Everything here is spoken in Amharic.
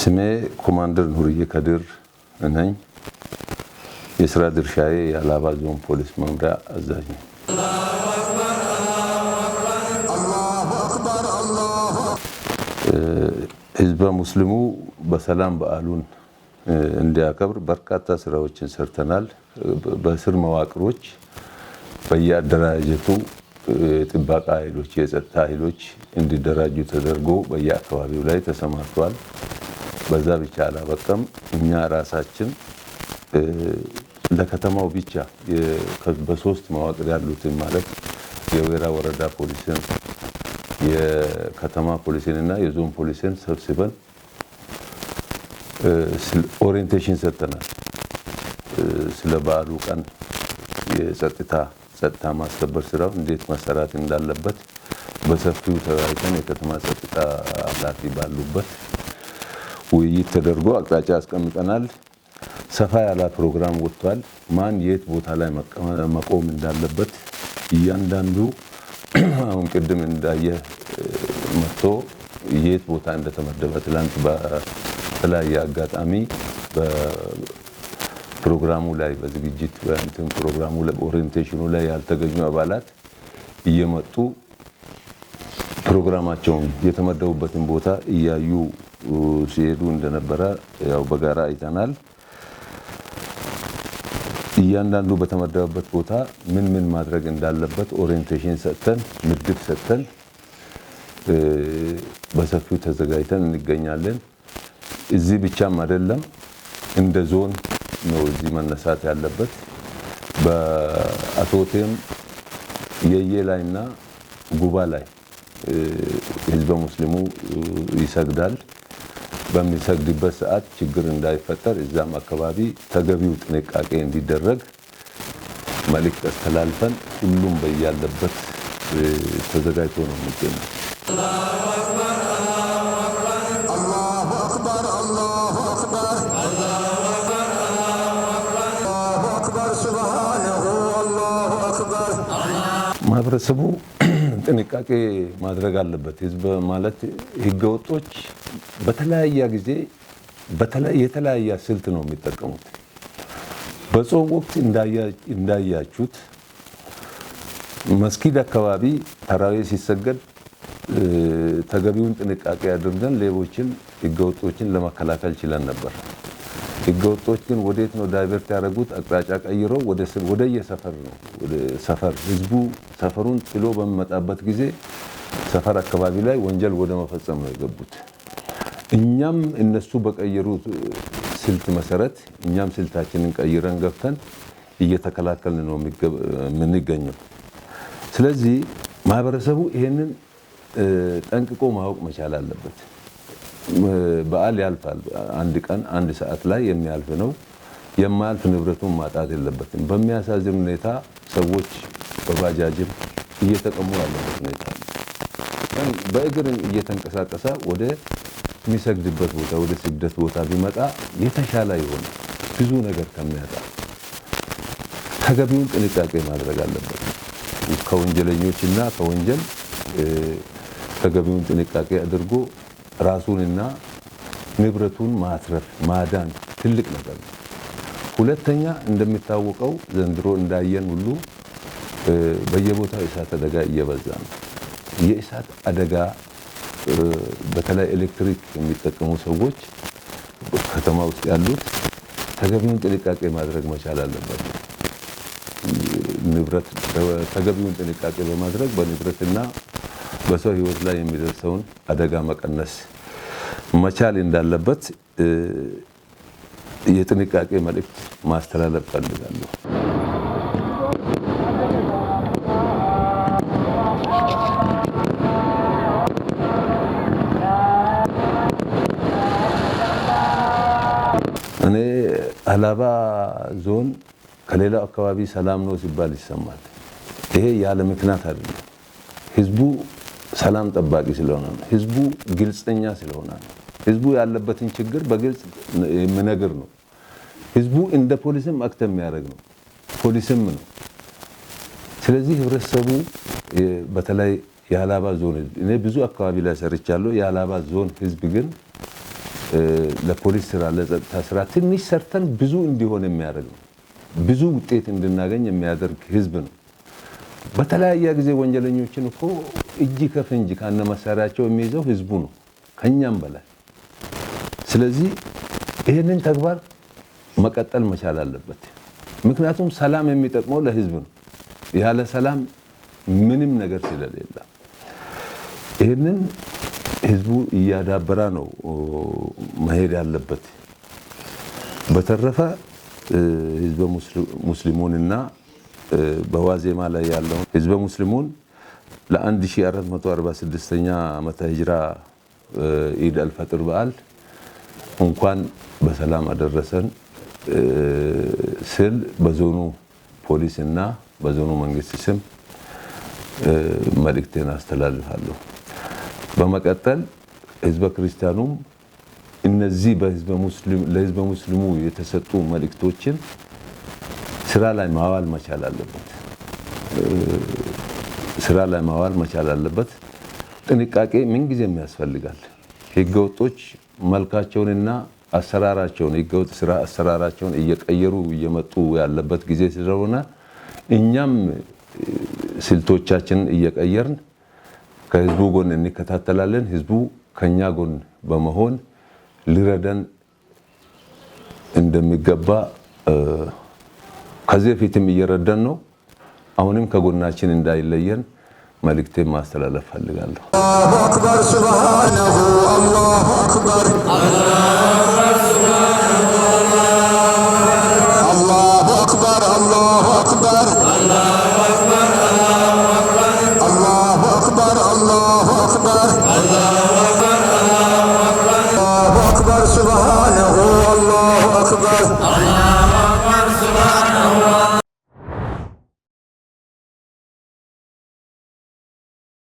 ስሜ ኮማንደር ኑርዬ ከድር ነኝ። የስራ ድርሻዬ የአላባ ዞን ፖሊስ መምሪያ አዛዥ ነኝ። ህዝበ ሙስሊሙ በሰላም በዓሉን እንዲያከብር በርካታ ስራዎችን ሰርተናል። በስር መዋቅሮች በየአደራጀቱ ጥበቃ ኃይሎች፣ የጸጥታ ኃይሎች እንዲደራጁ ተደርጎ በየአካባቢው ላይ ተሰማርቷል። በዛ ብቻ አላበቀም። እኛ ራሳችን ለከተማው ብቻ በሶስት መዋቅር ያሉትን ማለት የወይራ ወረዳ ፖሊስን፣ የከተማ ፖሊስን እና የዞን ፖሊስን ሰብስበን ኦሪንቴሽን ሰጥተናል። ስለ በዓሉ ቀን የጸጥታ ጸጥታ ማስከበር ስራው እንዴት መሰራት እንዳለበት በሰፊው ተወያይተን የከተማ ጸጥታ ኃላፊ ባሉበት ውይይት ተደርጎ አቅጣጫ አስቀምጠናል። ሰፋ ያለ ፕሮግራም ወጥቷል። ማን የት ቦታ ላይ መቆም እንዳለበት እያንዳንዱ አሁን ቅድም እንዳየ መጥቶ የት ቦታ እንደተመደበ ትላንት በተለያየ አጋጣሚ በፕሮግራሙ ላይ በዝግጅት በእንትን ፕሮግራሙ ኦሪየንቴሽኑ ላይ ያልተገኙ አባላት እየመጡ ፕሮግራማቸውን የተመደቡበትን ቦታ እያዩ ሲሄዱ እንደነበረ ያው በጋራ አይተናል። እያንዳንዱ በተመደበበት ቦታ ምን ምን ማድረግ እንዳለበት ኦሪየንቴሽን ሰጥተን ምድብ ሰጥተን በሰፊው ተዘጋጅተን እንገኛለን። እዚህ ብቻም አይደለም፣ እንደ ዞን ነው እዚህ መነሳት ያለበት። በአቶቴም የየ ላይና ጉባ ላይ ህዝበ ሙስሊሙ ይሰግዳል። በሚሰግድበት ሰዓት ችግር እንዳይፈጠር እዛም አካባቢ ተገቢው ጥንቃቄ እንዲደረግ መልእክት አስተላልፈን ሁሉም በያለበት ተዘጋጅቶ ነው የሚገኘው። ማህበረሰቡ ጥንቃቄ ማድረግ አለበት ህዝብ ማለት ህገወጦች በተለያየ ጊዜ የተለያየ ስልት ነው የሚጠቀሙት። በጾም ወቅት እንዳያችሁት መስጊድ አካባቢ ተራዊ ሲሰገድ ተገቢውን ጥንቃቄ አድርገን ሌቦችን ህገወጦችን ለመከላከል ችለን ነበር። ህገወጦች ግን ወዴት ነው ዳይቨርት ያደረጉት? አቅጣጫ ቀይረው ወደ የሰፈር ነው ወደ ሰፈር ህዝቡ ሰፈሩን ጥሎ በሚመጣበት ጊዜ ሰፈር አካባቢ ላይ ወንጀል ወደ መፈጸም ነው የገቡት። እኛም እነሱ በቀየሩት ስልት መሰረት እኛም ስልታችንን ቀይረን ገብተን እየተከላከልን ነው የምንገኘው። ስለዚህ ማህበረሰቡ ይሄንን ጠንቅቆ ማወቅ መቻል አለበት። በዓል ያልፋል። አንድ ቀን አንድ ሰዓት ላይ የሚያልፍ ነው። የማያልፍ ንብረቱን ማጣት የለበትም። በሚያሳዝን ሁኔታ ሰዎች በባጃጅም እየተቀሙ ያለበት ሁኔታ በእግር እየተንቀሳቀሰ ወደ የሚሰግድበት ቦታ ወደ ስግደት ቦታ ቢመጣ የተሻለ ይሆነ ብዙ ነገር ከሚያጣ ተገቢውን ጥንቃቄ ማድረግ አለበት። ከወንጀለኞች እና ከወንጀል ተገቢውን ጥንቃቄ አድርጎ ራሱንና ንብረቱን ማትረፍ ማዳን ትልቅ ነገር ነው። ሁለተኛ እንደሚታወቀው ዘንድሮ እንዳየን ሁሉ በየቦታው የእሳት አደጋ እየበዛ ነው። የእሳት አደጋ በተለይ ኤሌክትሪክ የሚጠቀሙ ሰዎች ከተማ ውስጥ ያሉት ተገቢውን ጥንቃቄ ማድረግ መቻል አለበት። ንብረት ተገቢውን ጥንቃቄ በማድረግ በንብረትና በሰው ህይወት ላይ የሚደርሰውን አደጋ መቀነስ መቻል እንዳለበት የጥንቃቄ መልእክት ማስተላለፍ ፈልጋለሁ። እኔ ሀላባ ዞን ከሌላው አካባቢ ሰላም ነው ሲባል ይሰማል። ይሄ ያለ ምክንያት አይደለም። ህዝቡ ሰላም ጠባቂ ስለሆነ ነው። ህዝቡ ግልጸኛ ስለሆነ ነው። ህዝቡ ያለበትን ችግር በግልጽ የምነግር ነው። ህዝቡ እንደ ፖሊስም አክት የሚያደርግ ነው። ፖሊስም ነው። ስለዚህ ህብረተሰቡ በተለይ የሀላባ ዞን እኔ ብዙ አካባቢ ላይ ሰርቻለሁ። የአላባ ዞን ህዝብ ግን ለፖሊስ ስራ፣ ለጸጥታ ስራ ትንሽ ሰርተን ብዙ እንዲሆን የሚያደርግ ነው። ብዙ ውጤት እንድናገኝ የሚያደርግ ህዝብ ነው። በተለያየ ጊዜ ወንጀለኞችን እኮ እጅ ከፍንጅ ካነ መሳሪያቸው የሚይዘው ህዝቡ ነው ከኛም በላይ። ስለዚህ ይህንን ተግባር መቀጠል መቻል አለበት። ምክንያቱም ሰላም የሚጠቅመው ለህዝብ ነው። ያለ ሰላም ምንም ነገር ስለሌለ ይህንን ህዝቡ እያዳበራ ነው መሄድ ያለበት። በተረፈ ህዝበ ሙስሊሙንና በዋዜማ ላይ ያለውን ህዝበ ሙስሊሙን ለ1446ኛ ዓመተ ሂጅራ ኢድ አልፈጥር በዓል እንኳን በሰላም አደረሰን ስል በዞኑ ፖሊስ እና በዞኑ መንግስት ስም መልእክቴን አስተላልፋለሁ። በመቀጠል ህዝበ ክርስቲያኑም እነዚህ ለህዝበ ሙስሊሙ የተሰጡ መልእክቶችን ስራ ላይ ማዋል መቻል አለበት። ስራ ላይ ማዋል መቻል አለበት። ጥንቃቄ ምንጊዜም ያስፈልጋል። ህገወጦች መልካቸውንና አሰራራቸውን ህገወጥ ስራ አሰራራቸውን እየቀየሩ እየመጡ ያለበት ጊዜ ስለሆነ እኛም ስልቶቻችንን እየቀየርን ከህዝቡ ጎን እንከታተላለን። ህዝቡ ከኛ ጎን በመሆን ሊረዳን እንደሚገባ ከዚህ በፊትም እየረዳን ነው። አሁንም ከጎናችን እንዳይለየን መልእክቴ ማስተላለፍ ፈልጋለሁ። አላሁ አክበር ሱብሃነሁ፣ አላሁ አክበር፣ አላሁ አክበር፣ አላሁ አክበር፣ አላሁ አክበር፣ አላሁ አክበር፣ አላሁ አክበር ሱብሃነሁ፣ አላሁ አክበር